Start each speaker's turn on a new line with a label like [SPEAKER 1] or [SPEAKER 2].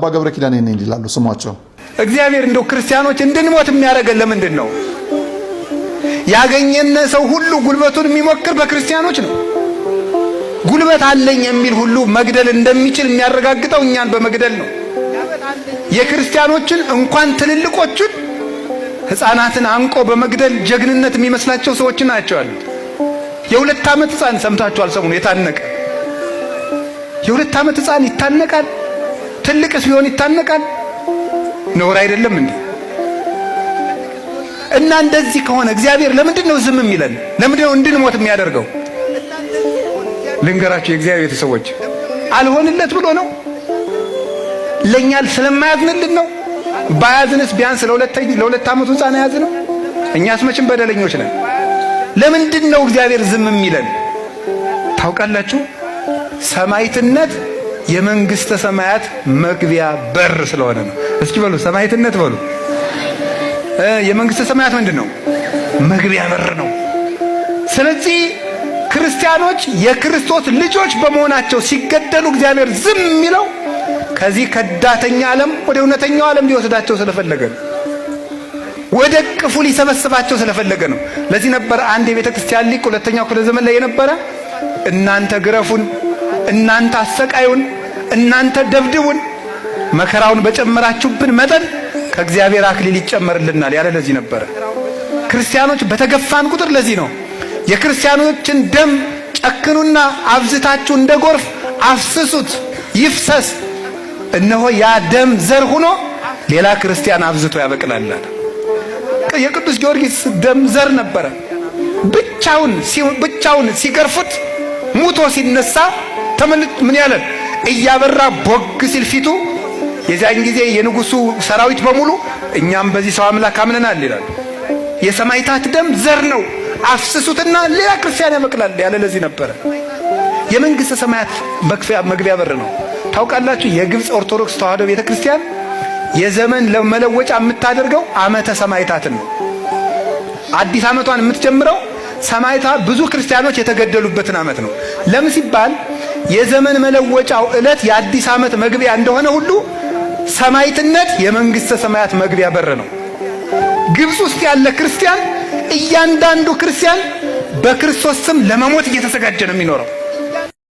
[SPEAKER 1] አባ ገብረ ኪዳን ነኝ ይላሉ። ስሟቸው
[SPEAKER 2] እግዚአብሔር እንደው ክርስቲያኖች እንድንሞት የሚያደርገን ለምንድን ነው? ያገኘን ሰው ሁሉ ጉልበቱን የሚሞክር በክርስቲያኖች ነው። ጉልበት አለኝ የሚል ሁሉ መግደል እንደሚችል የሚያረጋግጠው እኛን በመግደል ነው። የክርስቲያኖችን እንኳን ትልልቆቹን ሕፃናትን አንቆ በመግደል ጀግንነት የሚመስላቸው ሰዎች ናቸው የሁለት ዓመት ሕፃን ሰምታችኋል። ሰሞኑን የታነቀ የሁለት ዓመት ሕፃን ይታነቃል። ትልቅስ ቢሆን ይታነቃል። ነውር አይደለም እንዴ? እና እንደዚህ ከሆነ እግዚአብሔር ለምንድን ነው ዝም የሚለን? ለምንድን ነው እንድንሞት የሚያደርገው? ልንገራቸው፣ የእግዚአብሔር ቤተሰቦች አልሆንለት ብሎ ነው። ለእኛ ስለማያዝንልን ነው። ባያዝንስ ቢያንስ ለሁለት ዓመቱ ህፃን ያዝ ነው። እኛስ መቼም በደለኞች ነን። ለምንድን ነው እግዚአብሔር ዝም የሚለን? ታውቃላችሁ ሰማይትነት የመንግስተ ሰማያት መግቢያ በር ስለሆነ ነው። እስኪ በሉ ሰማዕትነት በሉ። የመንግስተ ሰማያት ምንድን ነው? መግቢያ በር ነው። ስለዚህ ክርስቲያኖች የክርስቶስ ልጆች በመሆናቸው ሲገደሉ እግዚአብሔር ዝም የሚለው ከዚህ ከዳተኛ ዓለም ወደ እውነተኛው ዓለም ሊወስዳቸው ስለፈለገ ነው። ወደ ቅፉ ሊሰበስባቸው ስለፈለገ ነው። ለዚህ ነበር አንድ የቤተ ክርስቲያን ሊቅ ሁለተኛው ክፍለ ዘመን ላይ የነበረ እናንተ ግረፉን፣ እናንተ አሰቃዩን እናንተ ደብድቡን፣ መከራውን በጨመራችሁብን መጠን ከእግዚአብሔር አክሊል ይጨመርልናል ያለ ለዚህ ነበረ። ክርስቲያኖች በተገፋን ቁጥር ለዚህ ነው የክርስቲያኖችን ደም ጨክኑና አብዝታችሁ እንደ ጎርፍ አፍስሱት ይፍሰስ፣ እነሆ ያ ደም ዘር ሆኖ ሌላ ክርስቲያን አብዝቶ ያበቅላል። የቅዱስ ጊዮርጊስ ደም ዘር ነበረ። ብቻውን ብቻውን ሲገርፉት ሙቶ ሲነሳ ተመልጥ ምን ያለን እያበራ ቦግ ሲል ፊቱ የዚያን ጊዜ የንጉሱ ሰራዊት በሙሉ እኛም በዚህ ሰው አምላክ አምነናል ይላል። የሰማይታት ደም ዘር ነው አፍስሱትና ሌላ ክርስቲያን ያበቅላል ያለ ለዚህ ነበረ። የመንግስተ ሰማያት መግቢያ በር ነው። ታውቃላችሁ የግብፅ ኦርቶዶክስ ተዋህዶ ቤተ ክርስቲያን የዘመን ለመለወጫ የምታደርገው ዓመተ ሰማይታትን ነው። አዲስ ዓመቷን የምትጀምረው ሰማይታ ብዙ ክርስቲያኖች የተገደሉበትን ዓመት ነው። ለምን ሲባል የዘመን መለወጫው ዕለት የአዲስ ዓመት መግቢያ እንደሆነ ሁሉ ሰማይትነት የመንግሥተ ሰማያት መግቢያ በር ነው። ግብፅ ውስጥ ያለ ክርስቲያን እያንዳንዱ ክርስቲያን በክርስቶስ ስም ለመሞት እየተዘጋጀ ነው የሚኖረው።